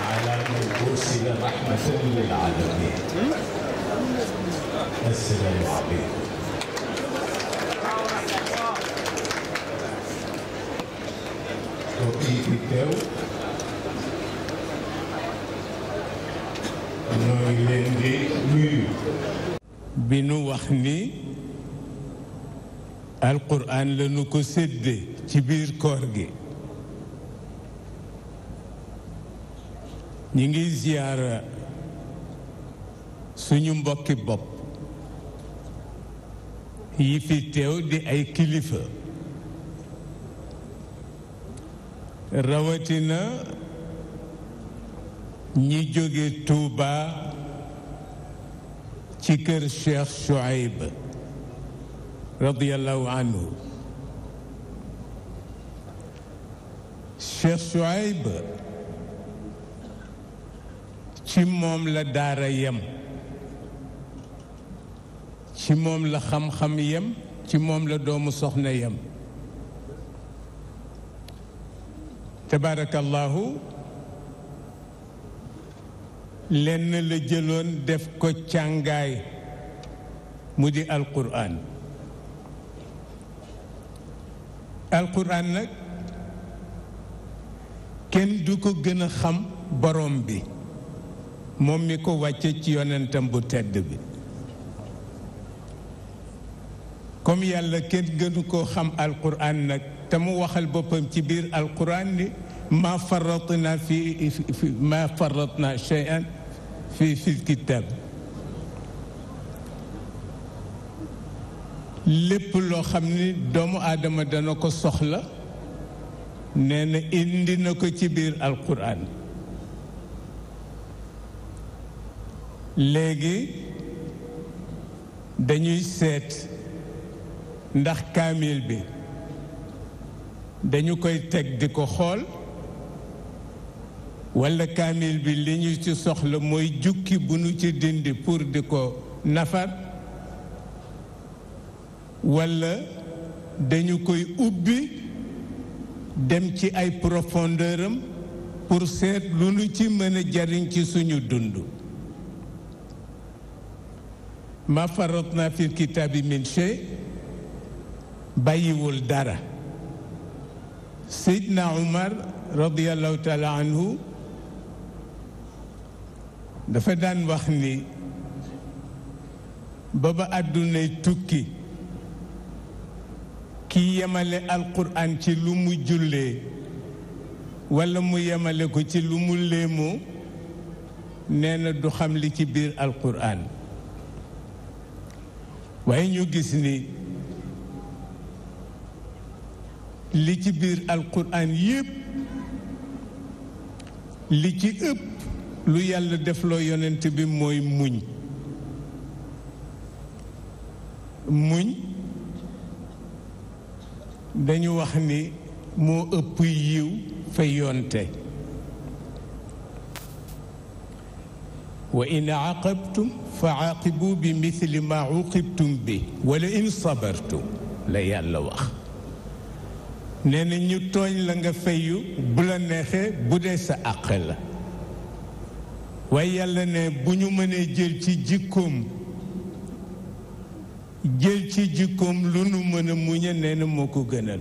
على من أرسل رحمة للعالمين السلام عليكم alquran la nu ko séddee ci biir koor gi ñu ngi ziyaara suñu mbokki bopp yi fi teew di ay kilifa rawatina ñi jóge Tuuba ci kër Cheikh Chouaib radiyallahu anhu Cheikh Chouaib ci moom la daara yem ci moom la xam-xam yem ci moom la doomu soxna yem tabarakallahu lenn la jëloon def ko càngaay mu di alquran alquran nag kenn du ko gën a xam borom bi moom mi ko wàcce ci yonentam bu tedd bi comme yàlla kenn gënu koo xam alquran nag te mu waxal boppam ci biir alquran ni ma faratna fi ma faratna shay'an fi fi kitab lépp loo xam ni doomu aadama dana ko soxla nee na indi na ko ci biir alquran léegi dañuy seet ndax kaamil bi dañu koy teg di ko xool walla kaamil bi li ñu ci soxla mooy jukki bu ñu ci dindi pour di ko nafar walla dañu koy ubbi dem ci ay profondeur pour seet lu nu ci mëna jariñ ci suñu dund ma na fil kitaabi min shay bàyyiwul dara seydna umar radiallahu taala anhu dafa daan wax ni baba àddunay tukki ki yemale alquran ci lu mu jullee walla mu yemale ko ci lu mu léemoo nee na du xam li ci biir alquran waaye ñu gis ni li ci biir alquran yépp li ci ëpp lu yàlla defloo yonent bi mooy muñ muñ dañu wax ni moo ëpp yiw fa yoonte wa in aaqabtum fa aaqibu bi mithli ma uqibtum bi wala in sabartum la yàlla wax nee na ñu tooñ la nga fayu bu la neexee bu dee sa àq la waaye yàlla ne bu ñu mënee jël ci jikkoom jël ci jikkoom lu nu mën mu muñe nee moo ko gënal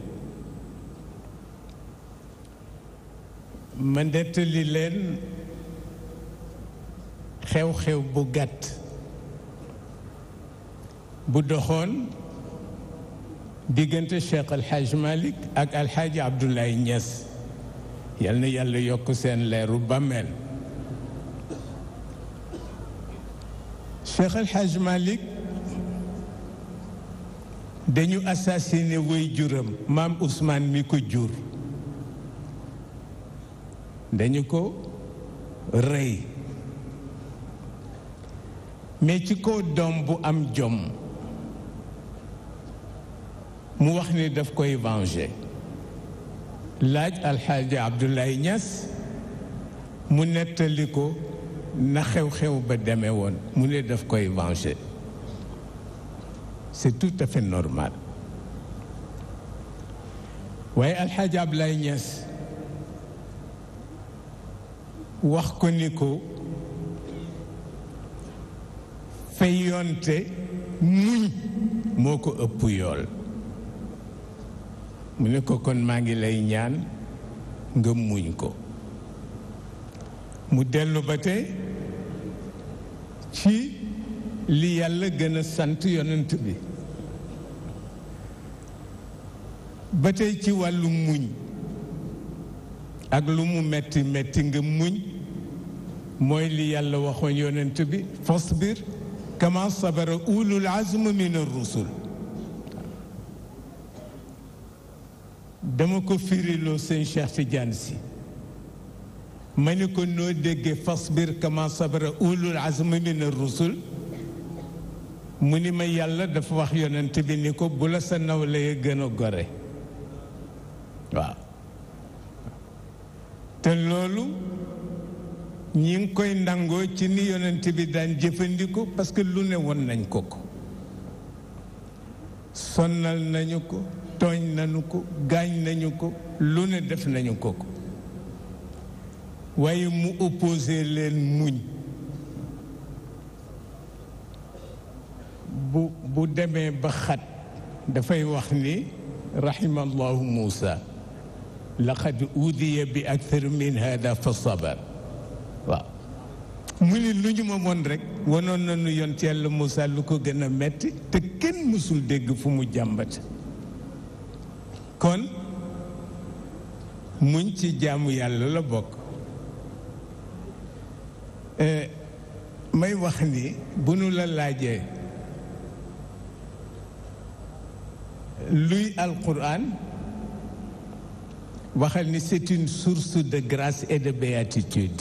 ma nettali leen xew-xew bu gàtt bu doxoon diggante Cheikh Alxaaj Malik ak Alxaaji Abdoulaye Niass yal na yàlla yokk seen leeru bàmmeel Cheikh Alxaaj Malik dañu assassiné waajuram maam Ousmane mi ko jur dañu ko rey mais ci kaw doom bu am jomm mu wax ni daf koy venger laaj alxaaji Abdoulaye ñas mu nettali ko na xew-xew ba demee woon mu ne daf koy venger c'est tout fait normal waaye alxaaji Ablaye Niass wax ko ni ko fayonte muñ moo ko ëpp yool mu ne ko kon maa ngi lay ñaan nga muñ ko mu dellu ba tey ci li yàlla gën sant yonent bi ba tey ci wàllu muñ ak lu mu metti metti nga muñ mooy li yàlla waxoon yonent bi fasbir kama sabara ulul azm min ar dama ko firiloo seen Cheikh Tidiane si ma ni ko noo déggee fasbir kama sabara ulul azm min ar mu ni ma yàlla dafa wax yonent bi ni ko bu la sa nawle gën a gore waaw te loolu ñi ngi koy ndangoo ci ni yonent bi daan jëfandikoo parce que lu ne woon nañ ko ko sonnal nañu ko tooñ nañu ko gaañ nañu ko lu ne def nañu ko ko waaye mu opposé leen muñ bu bu demee ba xat dafay wax ni rahima allahu muusa laqad udiya bi akthar min hada fa sabar waaw mu ni lu ñu ma woon rek wanoon nañu yont yàlla Moussa lu ko gën a metti te kenn mësul dégg fu mu jàmbat kon muñ ci jaamu yàlla la bokk eh, may wax ni bu nu la laajee luy alquran waxal ni c'est une source de grâce et de béatitude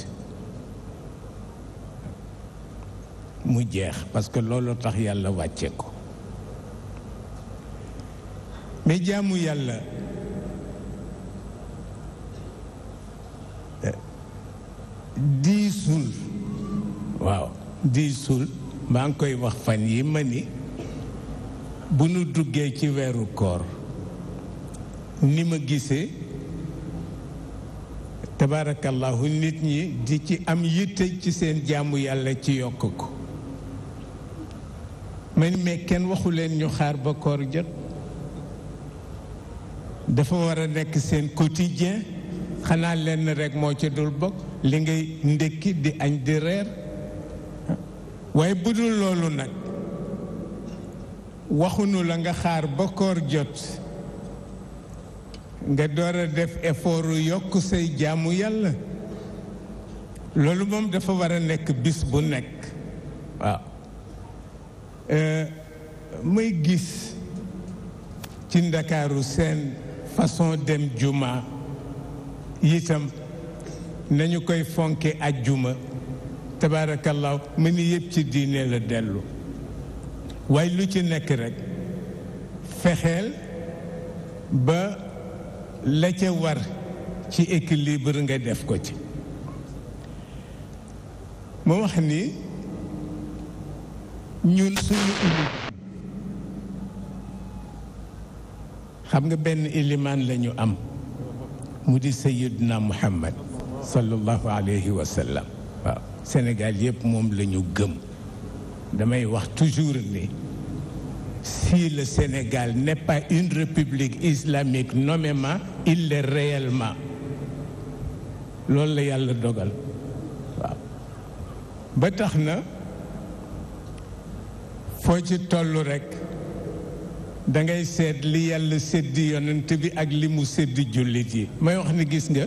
mu jeex parce que loolu tax yàlla wàcce ko mais jaamu yàlla euh, diisul waaw diisul maa ngi koy wax fan yi ma ni bu nu duggee ci weeru koor ni ma gisee tabaarakallahu nit ñi di ci am yitte ci seen jaamu yàlla ci yokk ko man mais kenn waxu leen ñu xaar ba koor jot dafa war a nekk seen quotidien xanaa lenn rekk moo ci dul bokk li ngay ndékki di añ di reer waaye budul loolu nag waxuñu la nga xaar ba koor jot nga door a def effort yokk say jaamu yàlla loolu moom dafa war a nekk bis bu nekk waaw euh, may gis ci ndakaaru seen façon dem juma itam nañu koy fonke ajjuma juma mu ni yëpp ci diine la dellu waaye lu ci nekk rek fexeel ba la ca war ci équilibre nga def ko ci ma wax ni ñun suñu ilim xam nga benn ilimaan lañu am mu di sayiduna muhammad sallallahu alayhi yëpp moom lañu gëm damay wax toujours ni si le Sénégal n'est pas une république islamique nommément il l'est réellement loolu la yàlla dogal ba tax na foo ci toll rekk dangay seet li yàlla séddi yonent bi ak li mu séddi jullit yi may wax ni gis nga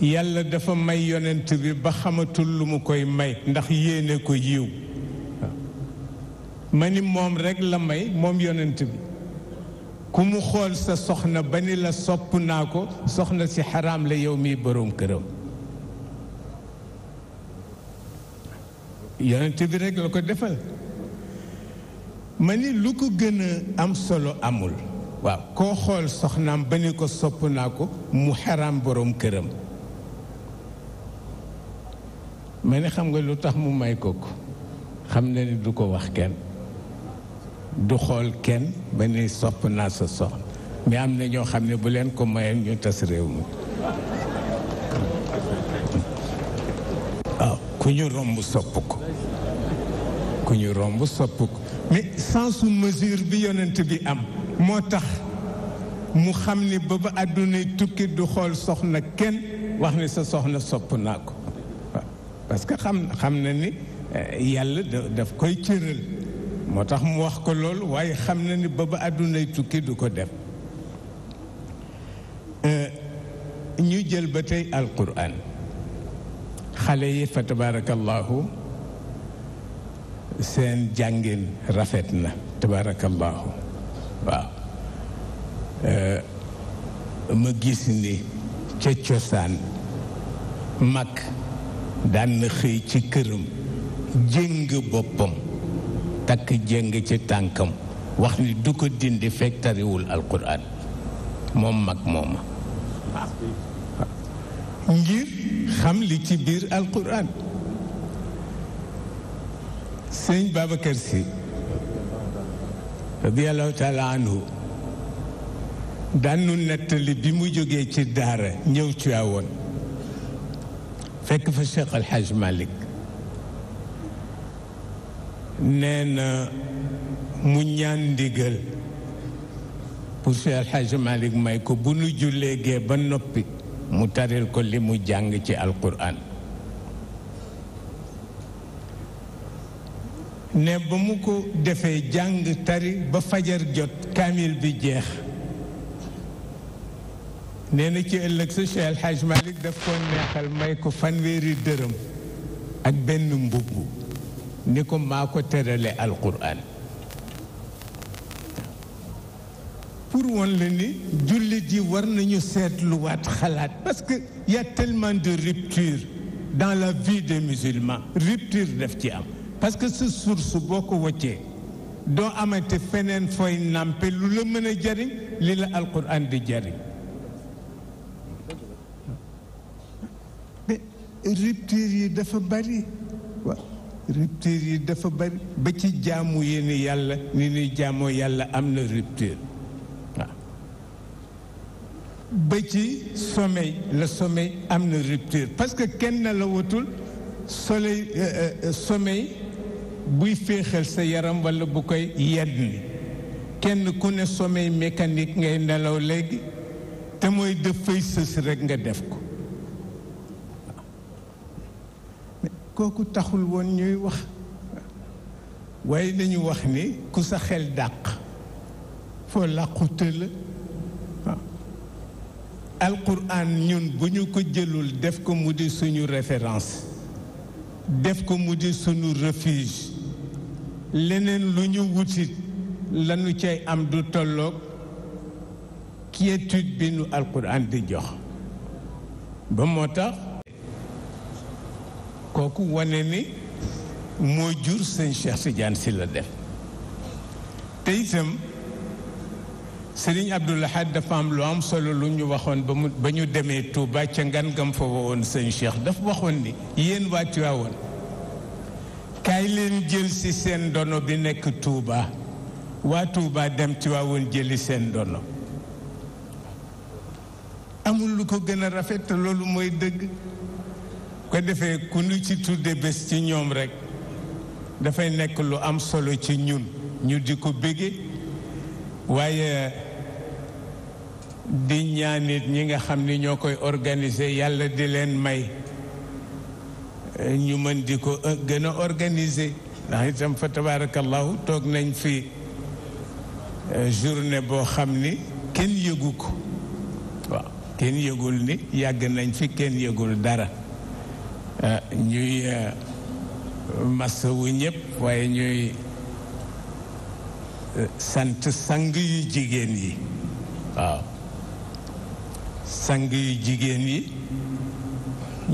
yàlla dafa may yonent bi ba xamatul lu mu koy may ndax yéene ko yiw ma ni moom rekk la may moom yonent bi ku mu xool sa soxna ba ni la sopp naa ko soxna si xaraam la yow mii boroom këram yonent bi rek la ko defal ma ni lu ko gën a am solo amul waaw koo xool soxnaam ba ni ko sopp naa ko mu xaram boroom këram ma ni xam nga lu tax mu may ko ko xam na ni du ko wax kenn du xool kenn ba ni sopp naa sa soxna mais am na ñoo xam ne bu leen ko mayeen ñu tas réew mi waaw ah, ñu romb sopp ko ku ñu romb sopp ko mais sensu mesure bi yonent bi am moo tax mu xam ni ba ba àdduna tukki du xool soxna kenn wax ni sa soxna sopp naa ko parce que xam xam na ni eh, yàlla daf koy cëral moo tax mu wax ko loolu waaye xam na ni ba ba àddunay tukki du ko dem euh, ñu jël ba tey alquran xale yi fa tabaarakallaahu seen jàngin rafet na tabaarakallaahu waaw euh, ma gis ni ca cosaan mag daan na xëy ci këram jëng boppam takk jéng ci tànkam wax ni du ko dindi fekk tariwul alquran moom mag mooma ngir xam li ci biir alquran sëñ Babacar Si radiallahu taala anhu daanu nettali bi mu jógee ci daara ñëw ci waawoon fekk fa Cheikh Alhaj Malick nee na mu ñaan ndigal pour Seex Al Hajj may ko bu nu julleegee ba noppi mu taril ko li mu jàng ci alquran ne ba mu ko defee jàng tari ba fajar jot kaamil bi jeex nee na ci ëllëg sa Seex Al Hajj daf ko neexal may ko fanweeri dërëm ak benn mbubb ni ko maa ko tërale alquran pour woon la ni jullit yi war nañu seetluwaat xalaat parce que y a de rupture dans la vie des musulmans rupture def ci am parce que sa source boo ko wàccee doo amate feneen fooy nàmpe lu la mën a jariñ li la alquran di jariñ rupture yi dafa bari rupture yi dafa bari ba ci jaamu yéene yàlla ni ñuy jaamoo yàlla am na rupture waaw ba ci sommeil le sommeil am na rupture parce que kenn na la watul buy féexal sa yaram walla bu koy yedd ni kenn ku ne sommeil mécanique ngay nelaw léegi te mooy dëf fay sës rekk nga def ko kooku taxul woon ñuy wax waaye dañu wax ni ku sa xel dàq foo làqute la waaw alquran ñun bu ñu ko jëlul def ko mu di suñu référence def ko mu di suñu refuge leneen lu ñu wutit lanu cay am du tolloog quiétude bi nu alquran di jox ba moo tax kooku wane ni moo jur sëñ Cheikh Tidiane si la def te itam Sëriñ Abdoul Ahad dafa am lu am solo lu ñu waxoon ba ñu demee Touba ca ngan gam fa woon sëñ Cheikh dafa waxoon ni yéen waa Tiwaawoon kaay leen jël si seen dono bi nekk Touba waa Touba dem Tiwaawoon jëli seen dono amul lu ko gën a rafet loolu mooy dëgg ko defee ku nu ci tudde bés ci ñoom rek dafay nekk lu am solo ci ñun ñu di ko bége waaye di ñaanit ñi nga xam ni ñoo koy organiser yàlla di leen may ñu mën di ko euh, gën a organiser ndax itam fa tabaarakallahu toog nañ fi euh, journée boo xam ni kenn yëgu ko waaw kenn yëgul ni yàgg nañ fi kenn yëgul dara Eh, ñuy eh, wu ñëpp waaye ñuy eh, sant sang yu jigéen yi waaw sang yu jigéen yi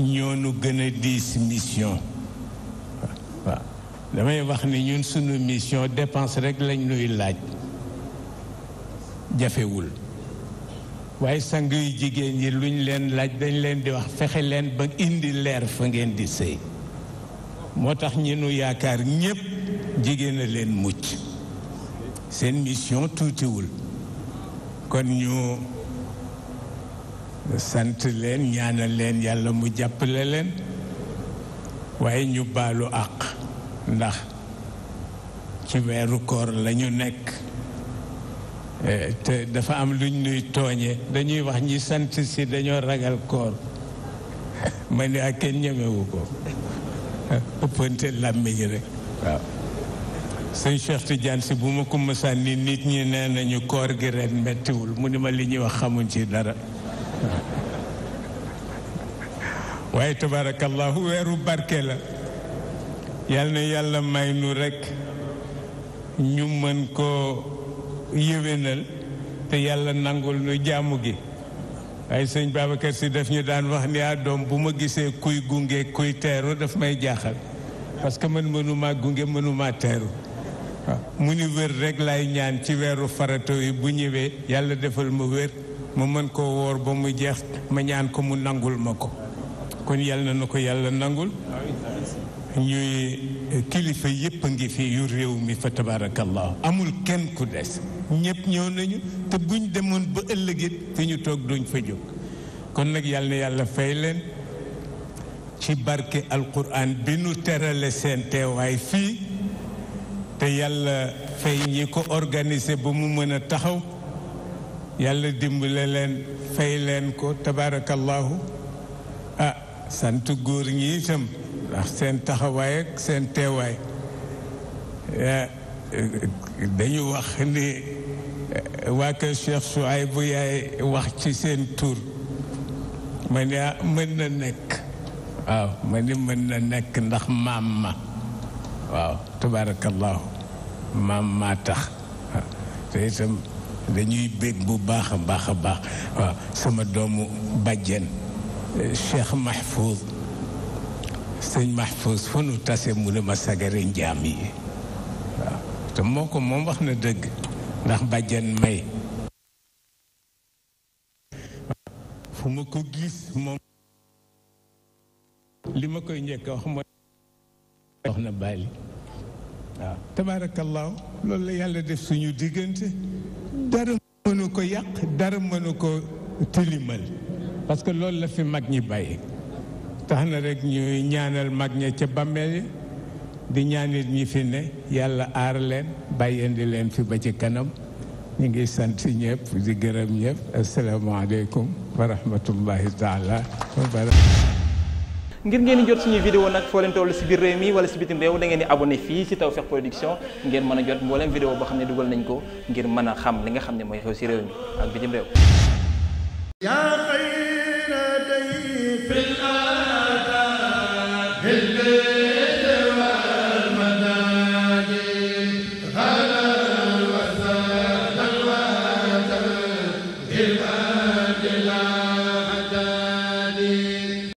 ñoonu gën a diis mission waaw damay wax ni ñun sunu mission dépense rekk lañ nuy laaj jafewul waaye sang yu jigéen ñi luñ leen laaj dañ leen di wax fexe leen ba indi leer fa ngeen di sëy moo tax ñi nu yaakaar ñépp jigéen leen mucc seen mission tuutiwul kon ñu sant leen ñaana leen yàlla mu jàppale leen waaye ñu baalu àq ndax ci weeru koor lañu nekk Eh, te dafa am luñ nuy tooñee dañuy wax ñi sant si dañoo ragal koor ma ne ak ah, kenn ñemewu ko ëppante làmmiñ rek waaw sëñ Cheikh Tidiane si bu ma ko mësaan nit ñi nee nañu koor gi ren mettiwul mu ni ma li ñuy wax xamuñ ci dara waaye tabarakallahu weeru barke la yal na yàlla may nu rek ñu mën ko yéwénal te yàlla nangul nu jàmm gi waaye sëñ Babacar si daf ñu daan wax ni a ah, doom bu ma gisee kuy gunge kuy teeru daf may jaaxal parce que man mënumaa gunge mënumaa teeru waaw mu ni wér rek laay ñaan ci weeru farata yi bu ñëwee yàlla defal ma wér ma mën koo woor ba mu jeex ma ñaan ko mu nangul ma ko kon yàlla na ko yàlla nangul ñuy kilifa yépp a ngi fi yu réew mi fa tabaarakallah amul kenn ku des ñëpp ñëw nañu te buñ demoon ba ëllëgit fi ñu toog duñ fa jóg kon nag yàlla na yàlla fay leen ci barke alquran bi nu terale seen teewaay fii te yàlla fay ñi ko organiser ba mu mën a taxaw yàlla dimbale leen fay leen ko tabaarakallahu ah sant góor ñi itam ndax seen taxawaay ak seen teewaay eh, dañu wax ni eh, waa kër Cheikh Souaïb bu yaay wax ci seen tur ma ne ah, mën na nekk waaw ma ni mën na nekk ndax maam ma waaw tabaarakallaahu maam maa tax te itam dañuy bég bu baax a baax a baax waaw sama doomu bàjjen eh, Cheikh Mahfouz sëñ Mahfouz fa nu tase mu ne ma sagare njaam yi waaw te moo ko moom wax na dëgg ndax bàjjan may fu ma ko gis moom li ma koy njëkk wax mooy na bàyyi waaw tabaarakallaahu loolu la yàlla def suñu diggante dara mënu ko yàq dara mënu ko tilimal parce que loolu la fi mag ñi bàyyi tax na rek ñuy ñaanal mag ña ca bàmmeel di ñaanit ñi fi ne yàlla aar leen bàyyindi leen fi ba ci kanam ñu ngi sant si ñëpp di gërëm ñëpp asalaamaaleykum wa rahmatullahi taala wa barakatu ngir ngeen di jot suñuy vidéo nag foo leen toll si biir réew mi wala si bitim réew da ngeen di abonné fii si Tawfekh Production ngeen mën a jot mbooleem vidéo boo xam ne dugal nañ ko ngir mën a xam li nga xam ne mooy xew si réew mi ak bitim réew